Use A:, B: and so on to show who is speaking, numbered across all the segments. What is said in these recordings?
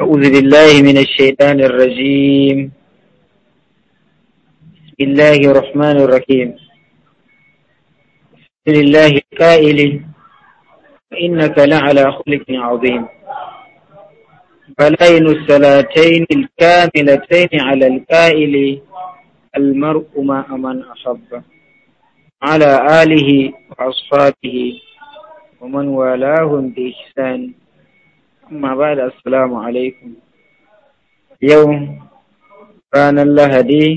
A: أعوذ بالله من الشيطان الرجيم بسم الله الرحمن الرحيم بسم الله الكائل إنك لعلى خلق عظيم بلين الصلاتين الكاملتين على الكائل المرء ما من أحب على آله وأصحابه ومن والاهم بإحسان amma ba da assalamu alaikum yau ranar lahadi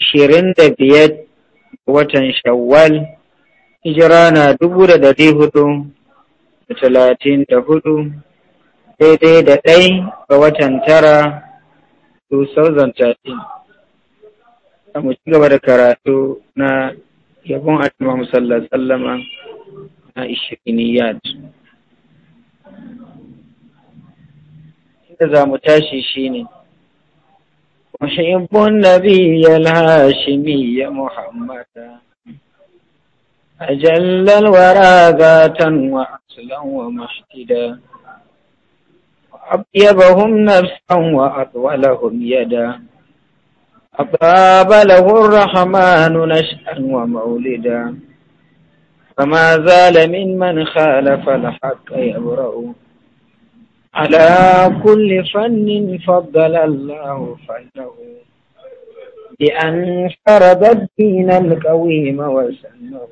A: shirin da biyar watan shawwal hijira na dubu da dari hudu da talatin da hudu daidai da ɗai ga watan tara 2013 a mu ci gaba da karatu na yabon al'umma musallar tsallama na yadda za mu tashi shi ne mashaifin nabi al-hashimi ya muhammada a jallar wara gatan wa asilan wa mashtida yaba hun nafsan wa atwala hun yada a babalahun rahamanu na shanwa wa maulida فما زال من من خالف الحق يبرأ على كل فن فضل الله فنه بأن فرض الدين القويم وسنه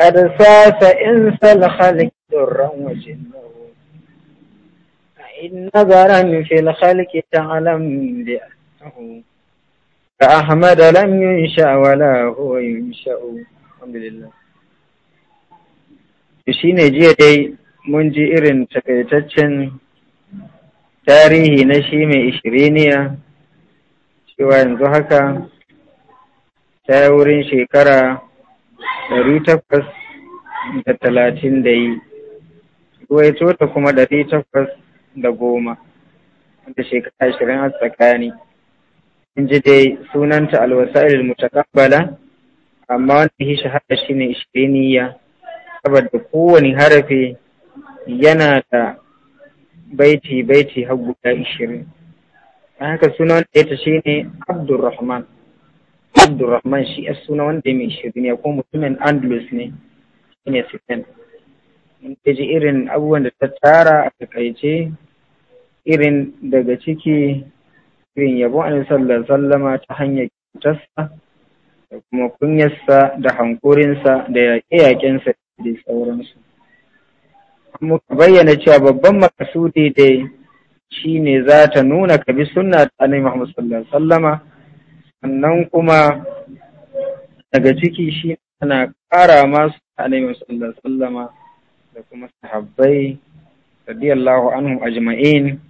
A: قد ساس إنس الخلق درا وجنه فإن نظرا في الخلق تعلم بأنه فأحمد لم ينشأ ولا هو ينشأ alhamdulillah shi ne jiya dai mun ji irin takaitaccen tarihi na shi mai ishiriniya cewa yanzu haka ta wurin shekara ɗari takwas da talatin da yi Wai ta kuma ɗari takwas da goma wanda shekara ashirin a tsakani in ji dai sunanta alwasa'il mutakabbala amma wanda ya shahara shi ne ishiriniya saboda kowane harafi yana da baiti baiti har guda ishirin A haka suna wanda ya shi ne abdulrahman abdulrahman shi ya suna wanda mai ishiriniya ko mutumin andalus ne shi ne spain in ji irin abubuwan da ta tara a takaice irin daga ciki irin yabon sallar sallallahu ta hanyar kyautarsa da kuma kunyarsa da hankurinsa da yaƙe-yaƙensa da sauransu. Muka bayyana cewa babban makasudi dai shi ne za ta nuna ka bi sunna ta Annabi Muhammad sallallahu alaihi sannan kuma daga ciki shi tana ƙara masu Annabi sallallahu alaihi sallama da kuma sahabbai radiyallahu anhum ajma'in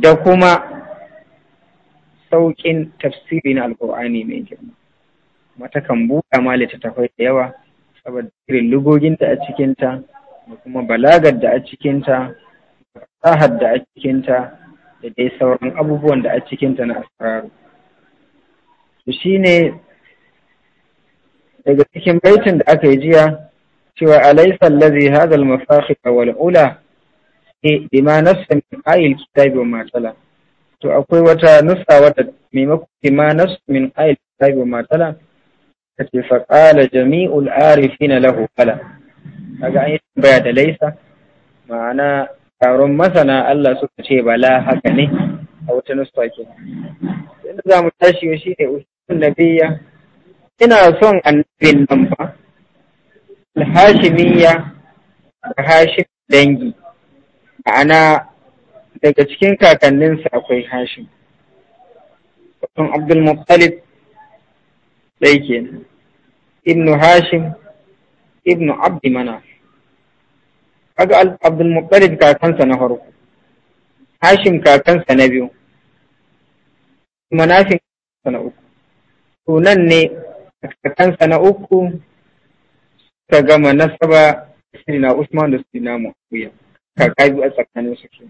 A: da kuma sauƙin tafsiri na alƙur'ani mai girma. kuma kan buɗa ma littattafai da yawa saboda irin da a cikinta da kuma balagar da a cikinta da fasahar da a cikinta da dai sauran abubuwan da a cikinta na asararu to ne daga cikin baitin da aka yi jiya cewa alaysa allazi hadha al-mafakhir wal ula bima nassa min ayil kitabi wa matala to akwai wata nusa wata maimakon bima nassa min ayil kitabi wa matala kace fa qala jami'ul arifina lahu kala kaga an yi tambaya da laisa ma'ana taron masana Allah suka ce bala haka ne a wata nuska ke inda za mu tashi shi ne usulun nabiya ina son annabin nan ba alhashimiyya da hashim dangi ma'ana daga cikin kakanninsa akwai hashim Abdul Muttalib ɗai ke, ibnu hashim ibnu abdi mana kaga abdulmuttalib kakansa na farko hashim kakansa na biyu manafin kakansa na uku sunan ne kakansa na uku suka gama nasaba sirina usman da sirina muawiya kaka biyu a tsakanin su ke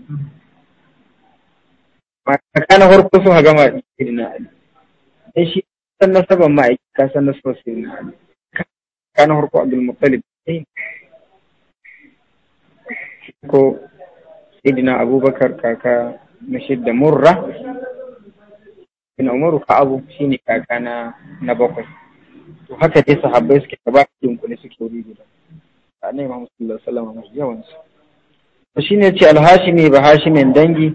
A: kaka na farko suka gama sirina ali shi san nasaban ma'aiki ka san nasaban Ka na kana harko abdul muttalib ko idina abubakar kaka na shidda murra ina umaru ka abu shine kaka na na bakwai to haka dai sahabbai suke gaba cikin kune suke wuri guda a ne ma musulun sallama masu yawan su to shine ce alhashimi ba hashimin dangi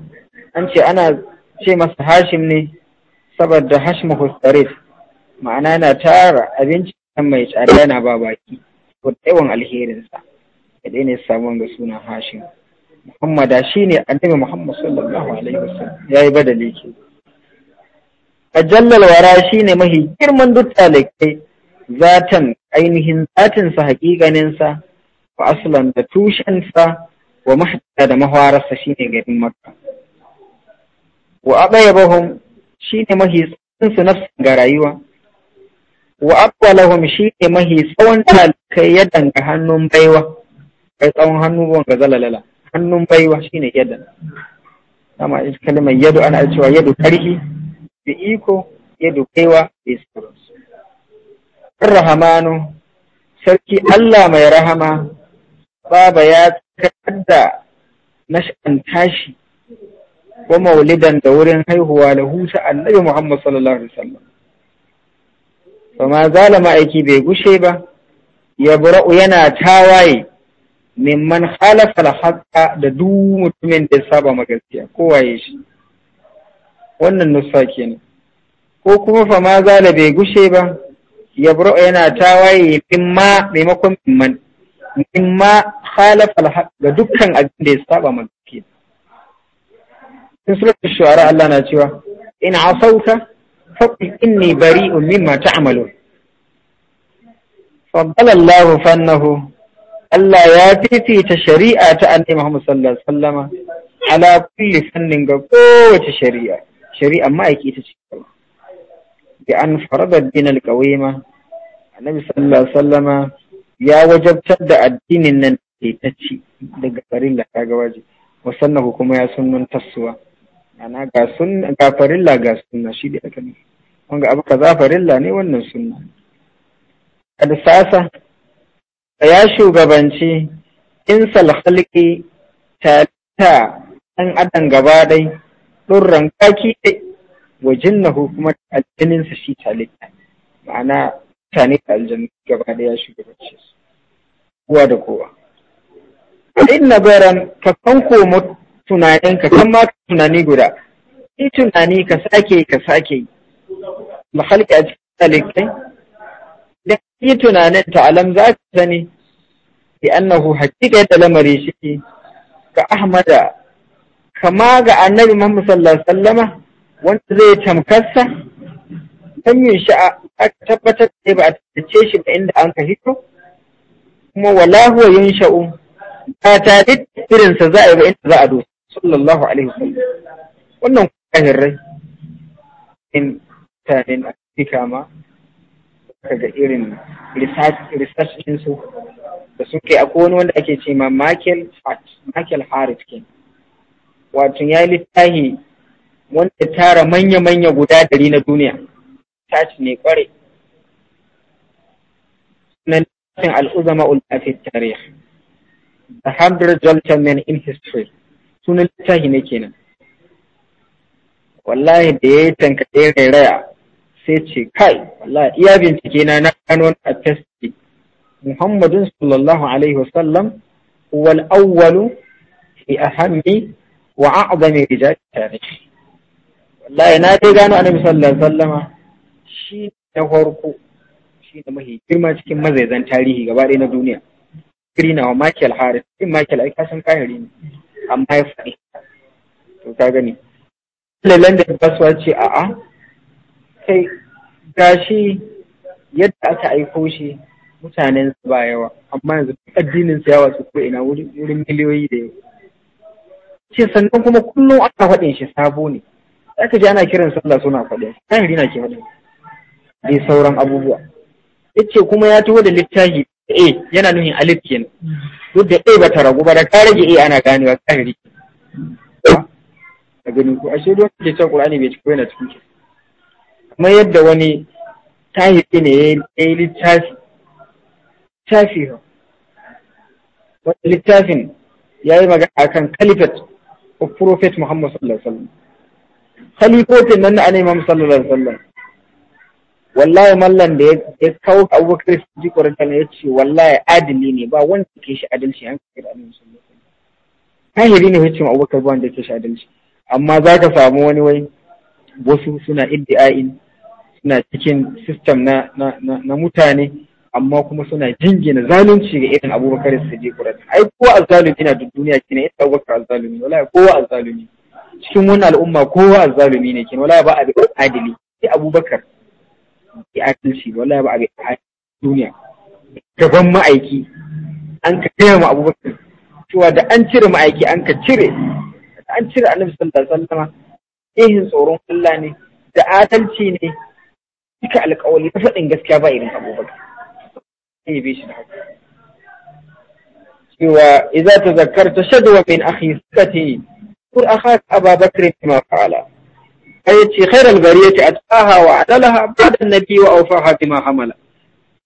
A: an ce ana ce masa hashim ne saboda hashmu hustarit ma'ana na tara abinci mai tsada yana ba baki ko yawan alherinsa ya daina samun ga sunan hashim muhammada shine annabi muhammad sallallahu alaihi wasallam yayi badali ke ajallal wara shine mahi girman duk talakai zatan ainihin zatinsa hakikaninsa wa aslan da tushensa wa mahda da mahwararsa shine garin makka wa abayabahum shine mahi tsinsu nafsin ga rayuwa wa aqwalahum shi ne mahi tsawon talikai ya danga hannun baiwa kai tsawon hannu ban ga zalalala hannun baiwa shine yadda. dama is kalmar yadu ana cewa yadu karhi da iko yadu baiwa da sauransu rahamanu sarki Allah mai rahama baba ya tsakar da nashan tashi wa maulidan da wurin haihuwa lahu sa annabi Muhammad sallallahu alaihi wasallam fa ma zala ma'aiki bai gushe ba ya bura'u yana tawaye mimman halafa haƙa da duk mutumin da ya saba ma ko waye shi wannan nusa kenan ko kuma fa ma zala bai gushe ba ya bura'u yana tawaye mimma maimakon mimman mimma halafa haƙa da dukkan abin da ya saba ma gaskiya. Sun suratul shu'ara Allah na cewa ina asauka فقل إني بريء مما تعملون فضل الله فأنه Allah ya fifita shari'a ta annabi Muhammad sallallahu ala kulli fannin ga kowace shari'ar shari'a ma'aiki ta ce an farada din alqawima annabi sallallahu alaihi ya wajabtar da addinin nan ta ci daga farilla ta ga waje wasannahu kuma ya sunnun tasuwa ana ga sunna farilla wanga abu kaza farilla ne wannan sunna kad sasa ya shugabanci insal khalqi ta an adam gaba dai durran kaki wa jinnahu kuma aljinin su shi talita ma'ana mutane da aljanu gaba ya shugabanci su kowa da kowa inna baran ka fanko mu tunaninka kan ma tunani guda in tunani ka sake ka sake yi ba halƙa talikai da yi tunanin ta'alam za ka sani da annahu hakika ta lamari shi ga ahmada kama ga annabi muhammad sallallahu sallama wanda zai tamkarsa kan yin sha'a aka tabbatar da ba a tattace shi ba inda an ka hito kuma wala huwa yin sha'u ba tare da irinsa za a yi ba inda za a dosa sallallahu alaihi wasallam wannan kuma kahirrai in mutanen Afirka ma ka ga irin research ɗinsu da suke akwai wani wanda ake ce ma Michael Hart, Michael Hart ke. Wato ya littahi wanda tara manya-manya guda dari na duniya, tashi ne kware. Sunan littafin al'uzama ulafin tarih, The Hundred Gentlemen in History, sunan littafi ne kenan. Wallahi da ya yi tankaɗe raya sai ce kai wallahi iya bincike na na gano a testi muhammadun sallallahu alaihi wasallam wal awwalu fi ahammi wa a'zami rijal tarihi wallahi na dai gano annabi sallallahu alaihi wasallama shi na farko shi da mahi girma cikin mazaizan tarihi gaba ɗaya na duniya Kirina wa Michael Harris, in Michael ai kasan kahiri ne, amma ya faɗi. To ka gani. Lallai da basuwa ce a'a kai gashi yadda aka aiko shi mutanen su ba yawa amma yanzu addinin su yawa su ko ina wurin miliyoyi da yawa ce sannan kuma kullum ana faɗin shi sabo ne aka ji ana kiran sallah suna faɗin kan rina ke faɗin dai sauran abubuwa ya ce kuma ya taho da littafi a yana nuhin alif kenan duk da a bata ragu ba da ka rage a ana ganewa kahiri a gani ko ashe duk da cewa qur'ani bai ci ko yana cikin kamar yadda wani tahiri ne ya yi littafi wani littafin ya yi magana akan kalifat of prophet muhammad sallallahu alaihi wasallam kalifotin nan na imam sallallahu alaihi wasallam wallahi mallan da ya kawo abubakar su ji kwarantana ya ce wallahi adili ne ba wanda ke shi adalci an kai da annabi sallallahu alaihi wasallam tahiri ne ya ce abubakar ba wanda ke shi adalci amma za ka samu wani wai wasu suna iddi'ain suna cikin system na, na, mutane amma kuma suna jingina zalunci ga irin abubakar siddiq ai kowa azzalumi na duk duniya kina ita abubakar azzalumi wallahi kowa azzalumi cikin wani al'umma kowa azzalumi ne kina wallahi ba abi adili sai abubakar ya adalci wallahi ba abi duniya gaban ma'aiki an ka taya ma abubakar cewa da an cire ma'aiki an ka cire an cire annabi sallallahu alaihi wasallam ihin tsoron Allah ne da adalci ne كعلك أولي بفق إن قس كابين أبو بكر أي بيش نحو سوى إذا تذكرت شدوى من أخي ستي قل أخاك أبا بكر ما فعل أيتي خير البرية أتقاها وعدلها بعد النبي وأوفاها بما حمل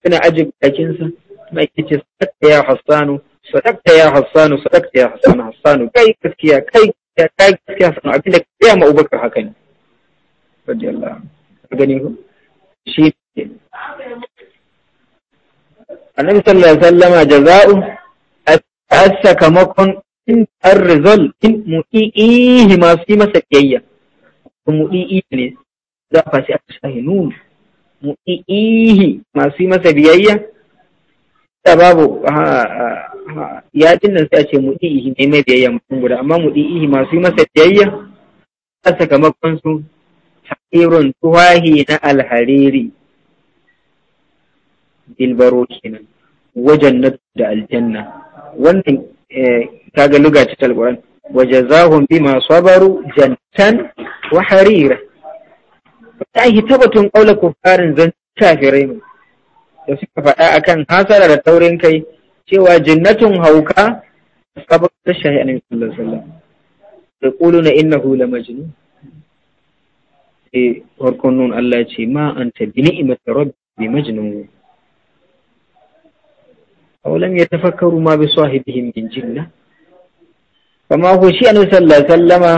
A: أنا أجب أجنسا ما يكتي صدقت يا حصان صدقت يا حصان صدقت يا حصان حصان كي كسكيا كي كسكيا كي كسكيا حصان أبنك يا ما أبكر حكين رضي الله أبنيهم shi annabi sallallahu alaihi wasallama jaza'u as sakamakon in an rizal in mu'i'ihi masu yi masa kiyayya mu'i'ihi ne za a fashi a shahinun mu'i'ihi masu yi masa biyayya da babu ya nan sai a ce mu'i'ihi ne mai biyayya mutum guda amma mu'i'ihi masu yi masa biyayya a sakamakon su irin tuwahi na alhariri dilbaro kenan wajen na da aljanna wannan eh, kaga luga ta talquran bi masu sabaru jantan wa harira yi tabbatun qaula kufarin zan kafirai mu da suka faɗa kan hasara da taurin kai cewa jinnatun hauka sabar ta sallar sallar. sallallahu alaihi wasallam Inna hula lamajnun ce farkon nun Allah ce ma anta bi ni'mati rabbi majnun aw lam yatafakkaru ma bi sahibihim min jinna kama ko shi annabi sallallahu alaihi wasallama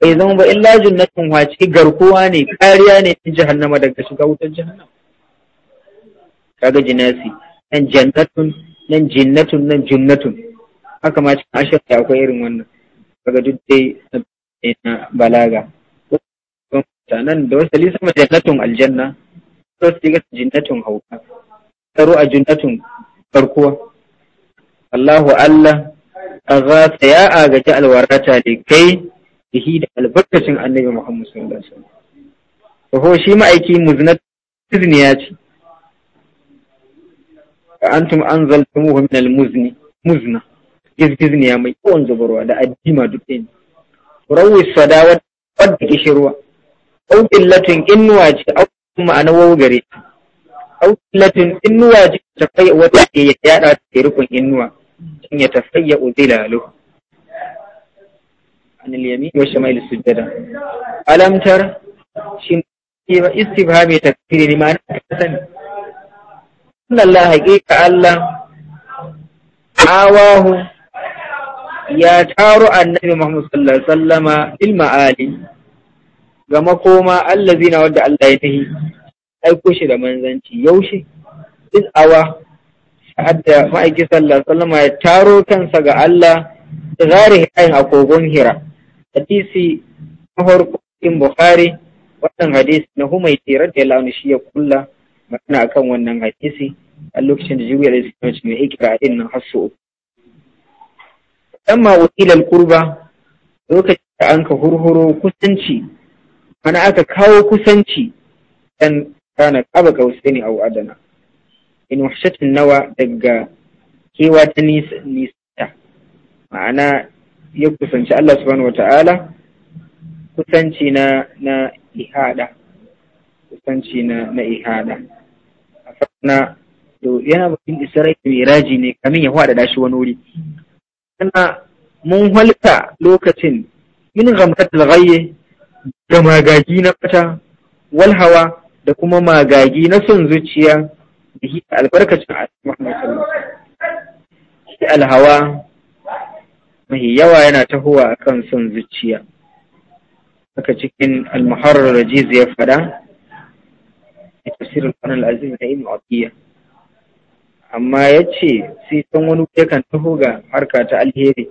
A: bai zama ba illa jannatun wace garkuwa ne kariya ne in jahannama daga shiga wutar jahannama kaga jinasi nan jannatun nan jinnatun nan jinnatun haka ma cikin ashirin akwai irin wannan kaga duk dai na balaga sanan da wasu lisa majannatun aljanna da su ga jinnatun hauka taro a jinnatun farko Allahu Allah ta ya agaji alwarata da kai bihi da albarkacin annabi Muhammad sallallahu alaihi wasallam ko shi ma'aiki muznat izniya ce antum anzaltumuhu min almuzni muzna izniya mai yawan zubarwa da addima duk ne rawi sadawa wadda kishirwa au latin inuwa ce au ma'ana wawu gare ta au inuwa ce ta fayya wata ke ya yada ta ke rukun inuwa. in ya ta fayya uzila lahu anil yamin wa shimail sujjada alamtar shi ba istibhami takfiri ma'ana ta sani Allah haƙiƙa Allah awahu ya taro annabi Muhammad sallallahu alaihi wasallama ilma ali ga makoma allazina wadda Allah ya tahi aiko shi da manzanci yaushe Yin awa sa'ad da ma'aiki sallallahu alaihi ya taro kansa ga Allah da zari ayin akogon hira hadisi na farko in bukhari wannan hadisi na mai tirar da launi shi ya kulla magana akan wannan hadisi a lokacin da jibril alaihi salam mai ikra din nan hasu amma wakilal kurba lokacin da an ka hurhuro kusanci mana aka kawo kusanci dan kana kaba kausaini au adana in wahshatin nawa daga kewa ta nisa ma'ana ya kusanci Allah subhanahu wata'ala kusanci na na ihada kusanci na na ihada a fana yana bakin isra'i miraji ne kamin ya da shi wani wuri kana mun halka lokacin min ghamratul ghayyi da magagi na fata walhawa da kuma magagi na son zuciya da shi albarkacin al'amuran shi alhawa mai yawa yana tahowa kan son zuciya haka cikin al-muharrar rajiz ya fada a tafsirin kwanan lazim na yin ma'afiya amma ya ce sai san wani yakan taho ga harka ta alheri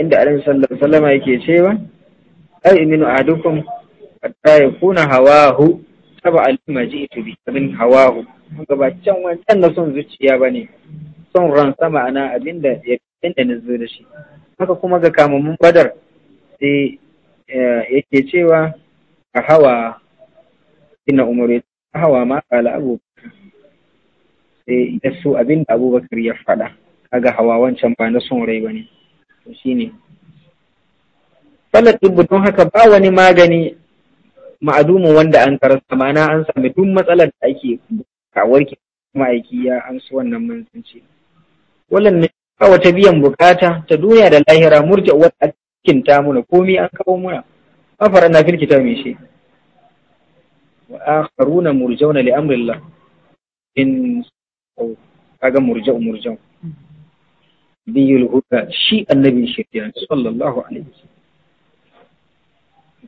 A: inda alaihi sallallahu yake cewa ai min ahadukum hatta yakuna hawahu taba alima ji'tu bi min hawahu gabacin wancan na son zuciya bane son ran sama ana abinda ya da na zo da shi haka kuma ga kamun badar sai yake cewa a hawa ina umaru a hawa ma ala abubakar sai ya so abinda abubakar ya faɗa kaga hawa wancan ba na son rai bane to shine falar don haka ba wani magani ma'adumu wanda an karasa ma'ana an sami duk matsalar da ake kawarki ma'aiki ya an su wannan manzanci Wannan ne kawo ta biyan bukata ta duniya da lahira murja wata a cikin ta muna komi an kawo muna mafara na fil kitab mai shi wa akharuna murjauna li amrillah in kaga murja'u murja'u biyul huda shi annabin shirya sallallahu alaihi wasallam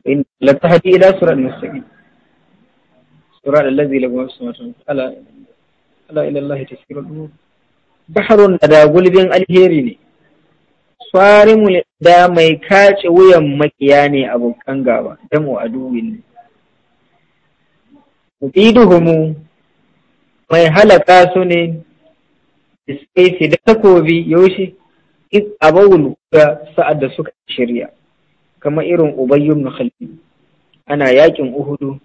A: إن لتهدي إلى صراط المستقيم صراط الذي له ما في السماوات ألا ألا الله تسير الأمور بحر أدا غلبين الهيري ne da mai kace wuyan makiya ne abokan gaba damu aduwin ne ubiduhumu mai halaka su ne da da takobi yaushe abawul ga sa'ad da suka shirya kamar irin Ubay ibn Khalid ana yakin Uhudu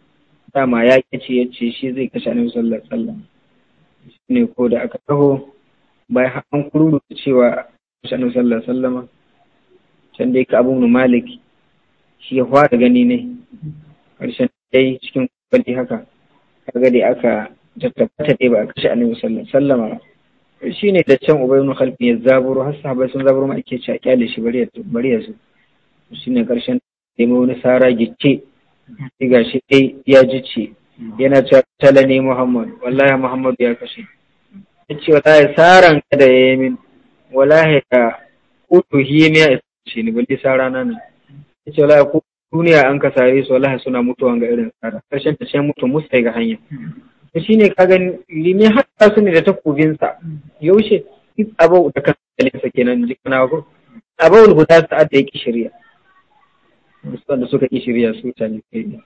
A: dama ya ce yace shi zai kashe Annabi sallallahu alaihi wasallam ne ko da aka taho bai an kururu cewa kashe Annabi sallallahu alaihi wasallam can dai ka Abu Malik shi ya fara gani ne karshen dai cikin kwali haka kaga dai aka tattabata dai ba a kashe Annabi sallallahu alaihi wasallam shi ne da can Ubayyu ibn Khalid ya zaburo har sahabbai sun zaburo ma ake ci a kyale shi bari ya bari ya zo shine karshen nemi wani sara gicce ga shi, dai ya jice yana cewa tala ne Muhammad wallahi Muhammad ya kashe Ya ce wata ya saran ka da yi min wallahi ka kutu himiya shi ni balle sara na ne ce wallahi ku duniya an ka sare su wallahi suna mutuwa ga irin sara karshen ta sai mutu musu ga hanya to ne ka gani limi hatta su ne da takobin sa yaushe abau da kan kenan jikana ko abau ta sa'ad da yake shirya. wanda suka ƙi shirya su Wannan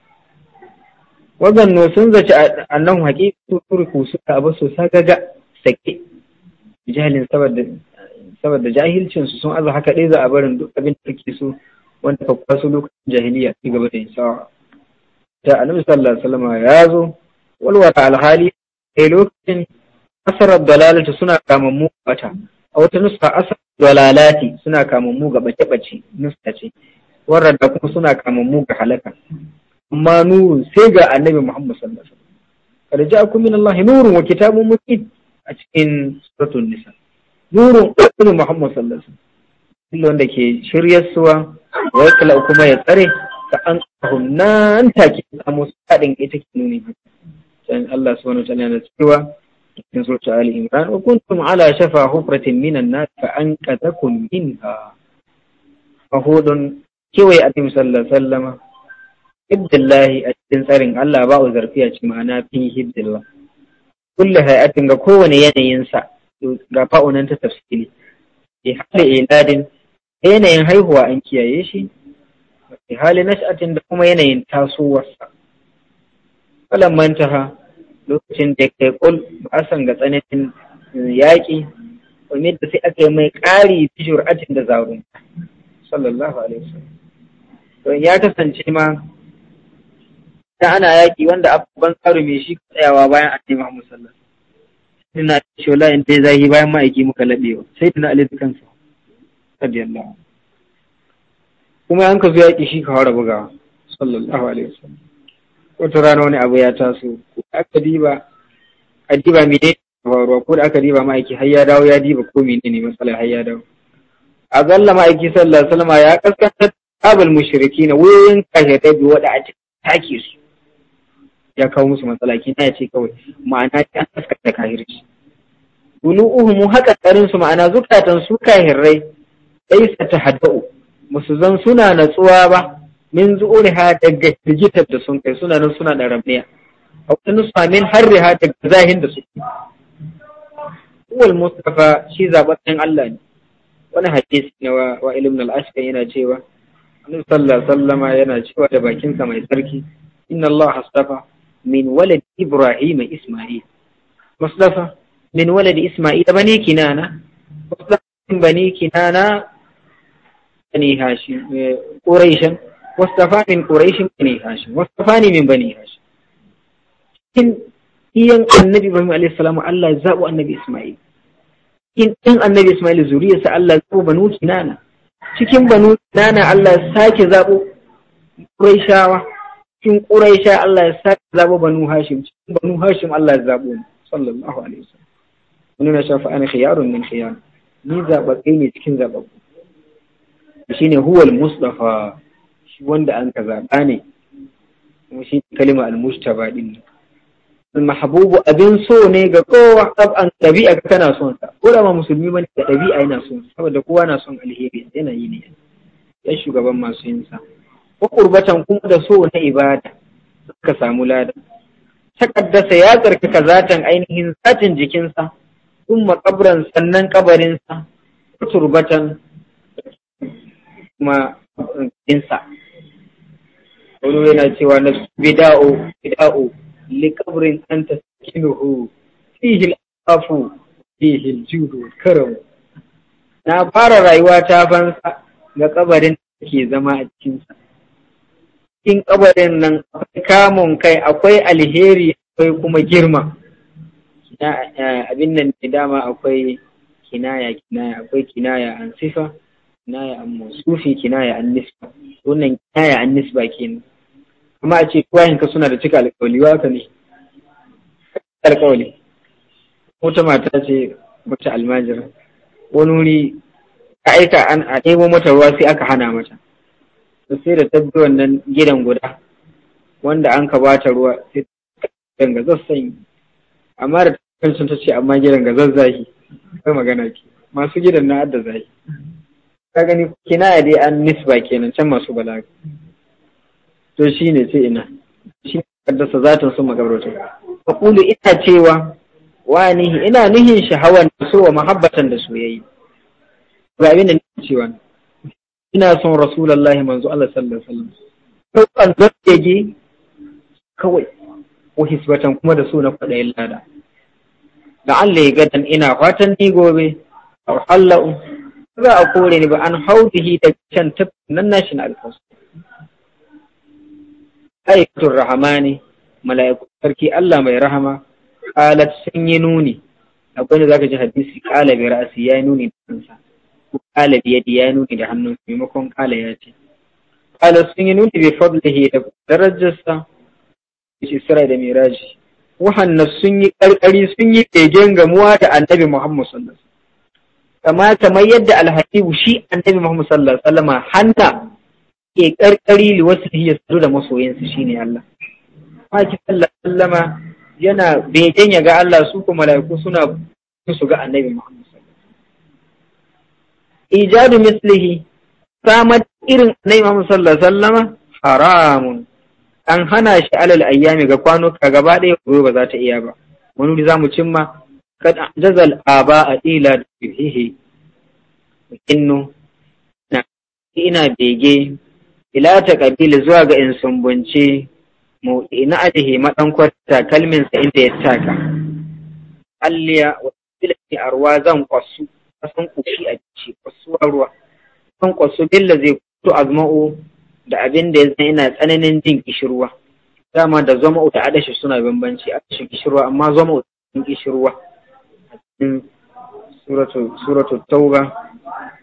A: wazanno sun zaci annahu haqiqatu turku suka abu su sagaga sake jahilin saboda saboda jahilcin su sun aza haka dai za a barin duk abin da take so wanda ka kwaso lokacin jahiliya ci gaba da isa da annabi sallallahu alaihi wasallam ya zo walwata alhali kai lokacin asarar dalalata suna mu bata a wata nuska asarar dalalati suna mu ga bace-bace nuska ce warrada kuma suna kamammu ga halaka amma Nurun sai ga annabi Muhammad sallallahu alaihi wasallam qad ja'akum min Allah nurun wa kitabun mubin a cikin suratul nisa nurun annabi Muhammad sallallahu alaihi wasallam wanda ke suwa, wai kala kuma ya tsare ta an nan take samu sadin ita ke nuni dan Allah subhanahu wa ta'ala yana cewa cikin suratul ali imran wa kuntum ala shafa hufratin minan nar fa anqadakum minha fahudun kewaye a tim sallama hibdillahi a cikin tsarin Allah ba a cikin ma'ana fi hibdillah Kulle hayatin ga kowane yanayinsa ga fa'unan ta tafsiri bi hali iladin yanayin haihuwa an kiyaye shi bi hali nash'atin da kuma yanayin tasowarsa falan mantaha lokacin da kai kul ba san ga tsananin yaƙi wani da sai aka yi mai ƙari fi jur'atin da zarunta sallallahu alaihi wasallam don ya kasance ma ta ana yaƙi wanda abubuwan tsaro mai shi tsayawa bayan a taimaka musalla sai na Shola in dai zahi bayan ma'aiki muka laɓewa sai na ali da kansa radiyallahu kuma an ka zo yaƙi shi ka fara bugawa sallallahu alaihi wasallam wata rana wani abu ya taso ko da aka diba a diba mene faruwa ko da aka diba ma'aiki har ya dawo ya diba ko mene ne matsala har ya dawo a zalla ma'aiki sallallahu alaihi wasallam ya kaskantar ashabal mushriki na wayoyin kahyata bi wada a take su ya kawo musu matsala kina ya ce kawai ma'ana ya haska da kahirci dunu'uhum haka tsarin su ma'ana zukatan su kahirrai laysa tahadda'u musu zan suna natsuwa ba min zu'uriha daga digitar da sun kai suna nan suna da rabniya a wani nusa min harriha daga zahin da suke Uwal Mustapha shi zaɓaɓɓen Allah ne, wani hadisi na wa ilimin al'ashkan yana cewa, Annabi sallallahu alaihi wasallama yana cewa da bakinsa mai tsarki inna Allah HaStafa min walad Ibrahim Isma'il mustafa min walad Isma'il bani kinana mustafa bani kinana bani hashim eh, quraishan wastafa min quraish bani hashim ne min bani hashim cikin iyan annabi Ibrahim alaihi salamu Allah ya zabo annabi Isma'il in annabi Ismail zuriyarsa Allah ya zabo banu kinana cikin banu nana Allah ya sake zabo Qurayshawa cikin Quraysha Allah ya sake zabo banu Hashim cikin banu Hashim Allah ya zabo sallallahu alaihi wasallam wani na shafa ana khiyarun min khiyar ni zababbe ne cikin zababbu shine huwal mustafa shi wanda an ka zaba ne kuma shi kalima al-mujtaba din mahabubu abin so ne ga kowa an ɗabi'a ka kana son sa ko da ma musulmi bane da ɗabi'a yana son su saboda kowa na son alheri yana yi ne ya shugaban masu yin sa ko kurbatan kuma da so na ibada ka samu lada Ta ƙaddasa ya tsarkaka zatan ainihin satin jikinsa kuma kabran sannan ƙabarinsa, kabarinsa turbatan kuma insa wani yana cewa na bida'o bida'o لقبر أنت ساكنه فيه العفو فيه الجود والكرم na fara rayuwa ta fansa ga ƙabarin da ke zama a cikinsa. Cikin ƙabarin nan akwai kamun kai akwai alheri akwai kuma girma. Abin nan ne dama akwai kinaya kinaya akwai kinaya an sifa, kinaya an musufi, kinaya an nisba. Wannan kinaya an nisba kenan. kuma a ce ka suna da cika alkawali ba ka ne alkawali wata mata ce wata almajira wani wuri a aika an a nemo mata ruwa sai aka hana mata sai da tabbi wannan gidan guda wanda an ka bata ruwa sai gidan ga zassan amma da sun ta ce amma gidan ga zazzahi kai magana ke masu gidan na adda zahi ka gani kina dai an nisba kenan can masu balaga to shi ne sai ina shi kaddasa zatin sun makabarta aqulu ina cewa wa nihi ina nihin shahawan da so wa mahabbatan da soyayya ga abin da nake cewa ina son rasulullahi manzo Allah sallallahu alaihi wasallam kawai ko hisbatan kuma da so na kwadayin lada da Allah ya gadan ina fatan ni gobe a hallau za a kore ni ba an haudihi da can tafi nan na alfasu ayatul rahamani mala'iku sarki Allah mai rahama qalat sun yi nuni akwai da zaka ji hadisi qala bi ra'si ya nuni da kansa ko qala bi yadi ya nuni da hannun maimakon qala ya ce qala sun yi nuni bi fadlihi da darajarsa Isra'i da Miraji wahanna sun yi ƙarƙari sun yi ƙegen gamuwa da annabi Muhammad sallallahu alaihi wasallam kamar yadda alhakibu shi annabi Muhammad sallallahu alaihi wasallam hanna ke karkari liwasfihi ya sadu da masoyinsa shine Allah maki sallama yana begen ya ga Allah su kuma malaiku suna su ga annabi Muhammad ijadu mislihi samar irin annabi Muhammad sallallahu sallama haramun an hana shi alal ayyami ga kwanuka gaba ɗaya ko ba za ta iya ba wani wuri za mu cimma kad jazal aba a ila da fihihi inno ina bege ila ta kabili zuwa ga in sumbunci mu ina ajihi madan kwarta kalmin sa inda ya taka alliya wa a arwa zan kwasu san kushi a ci kwasu ruwa san kwasu billa zai kuto azma'u da abin da ya zan ina tsananin jin kishirwa dama da Zoma da adashi suna bambanci adashi kishirwa amma uta sun kishirwa suratu suratu tauba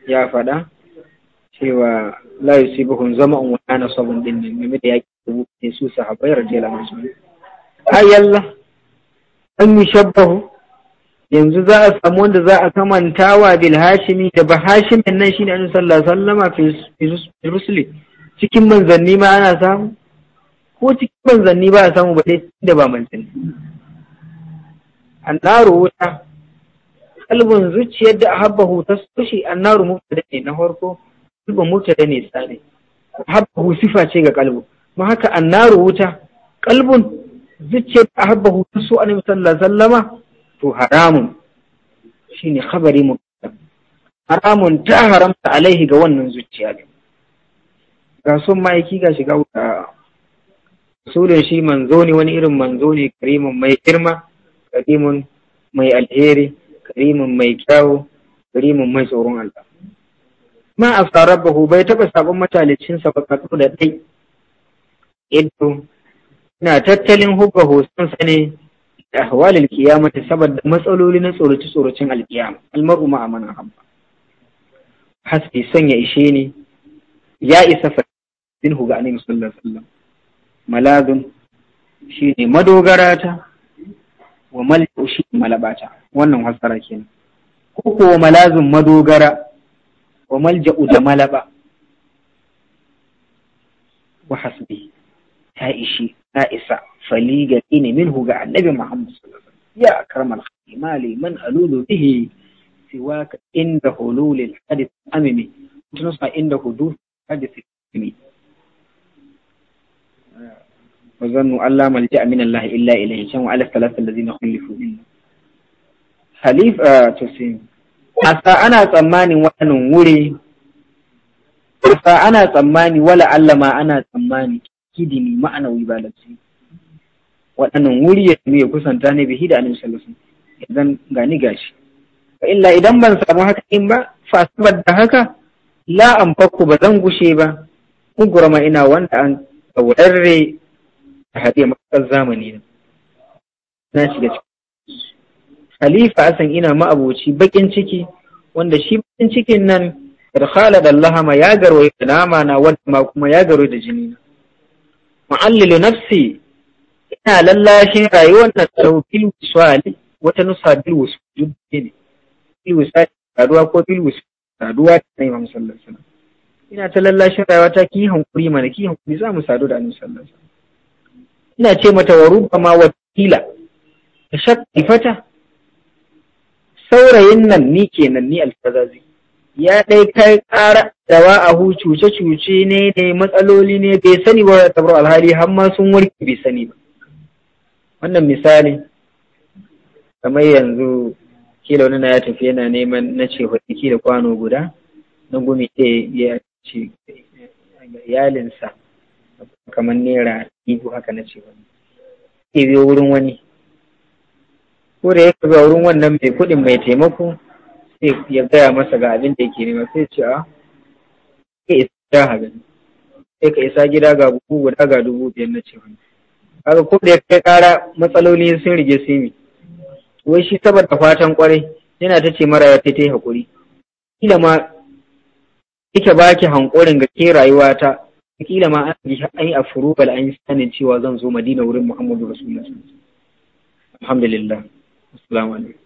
A: ya faɗa cewa la yusibuhum zama'un wa la nasabun din ne game da yaki ne su sahabbai radiyallahu anhum ayalla an yushabbahu yanzu za a samu wanda za a kamanta wa bil hashimi da ba hashimin nan shine annabi sallallahu alaihi wasallama fi rusuli cikin manzanni ma ana samu ko cikin manzanni ba a samu ba dai da ba manzanni annaru wuta kalbin zuciyar da ahabbahu ta sushi annaru mubtada ne na farko ba mubtada ne tsari ahabbahu sifa ce ga kalbu ma haka annaru wuta kalbun zuciyar ahabbahu so annabi sallallahu alaihi wasallama to haramun shine khabari mu haramun ta haramta alaihi ga wannan zuciya ne ga son ma'aiki ga shiga wuta rasulun shi manzo ne wani irin manzo ne karimin mai girma karimin mai alheri karimin mai kyawu karimin mai tsoron Allah ma afka rabbahu bai taba sabon matalicinsa ba katsu da ɗai ido na tattalin hubba hosan sa ne da ahwalil kiyamata saboda matsaloli na tsoraci tsorocin alkiyama almaru ma amana hamba haske son ya ishe ni ya isa fadin hu ga annabi sallallahu alaihi wasallam malazun shine madogara ta wa mal'u shi malabata wannan hasara kenan ko ko malazun madogara وملجأ جمالبا وحسبي عائشة عائسة فليغة إني منه جاء النبي محمد صلى الله عليه وسلم يا أكرم الخليم لي من ألول به سواك عند حلول الحدث الأمني تنصح عند حدوث الحدث الأمني وظنوا أن لا ملجأ من الله إلا إليه شمع على الثلاثة الذين خلفوا منه خليفة تسيم asa ana tsammanin wannan wuri asa ana tsammani wala Allah ana tsammani kidini ma'anawi ba lafi waɗannan wuri ya ya kusanta ne bihi da annabi sallallahu alaihi idan gani gashi fa illa idan ban samu haka in ba fa da haka la anfaku ba zan gushe ba kugurma ina wanda an kaurarre a haɗe makar zamani na shiga cikin khalifa Hassan ina ma'abuci bakin ciki wanda shi bakin cikin nan irkhala da lahama ya garwaye da nama na wadda ma kuma ya garwaye da jini na mu'allilu nafsi ina lallashin rayuwar na tawfil wisali wata nusa bil wusul ne bil wisali saduwa ko bil wusul saduwa ta Imam sallallahu alaihi wasallam ina ta lallashin rayuwata ki hankuri mana ki hankuri za mu sadu da annabi sallallahu alaihi wasallam ina ce mata wa rubbama wakila ta fata saurayin nan ni kenan ni alfazazi ya ɗai kai ƙara dawa a cuce-cuce ne ne matsaloli ne bai sani ba da tabar alhali har ma sun warki bai sani ba wannan misali kamar yanzu kila wani na ya tafi yana neman na ce hudiki da kwano guda na gumi ke ya ce ga iyalinsa kamar naira ibu haka na ce wani ke biyo wurin wani ko da ya ga wurin wannan mai kuɗin mai taimako sai ya gaya masa ga abin da yake nema sai ce ah, a ka isa gida gani sai ka isa gida ga bugu guda ga dubu biyar na ce wani kaga ko da ya kai kara matsaloli sun rige su mi wai shi saboda fatan kwarai yana ta ce mara ya ta yi haƙuri kila ma kike baki hankorin ga ke rayuwa ta kila ma an yi a furubal an yi sanin cewa zan zo madina wurin muhammadu rasulullah alhamdulillah Assalamu alaikum.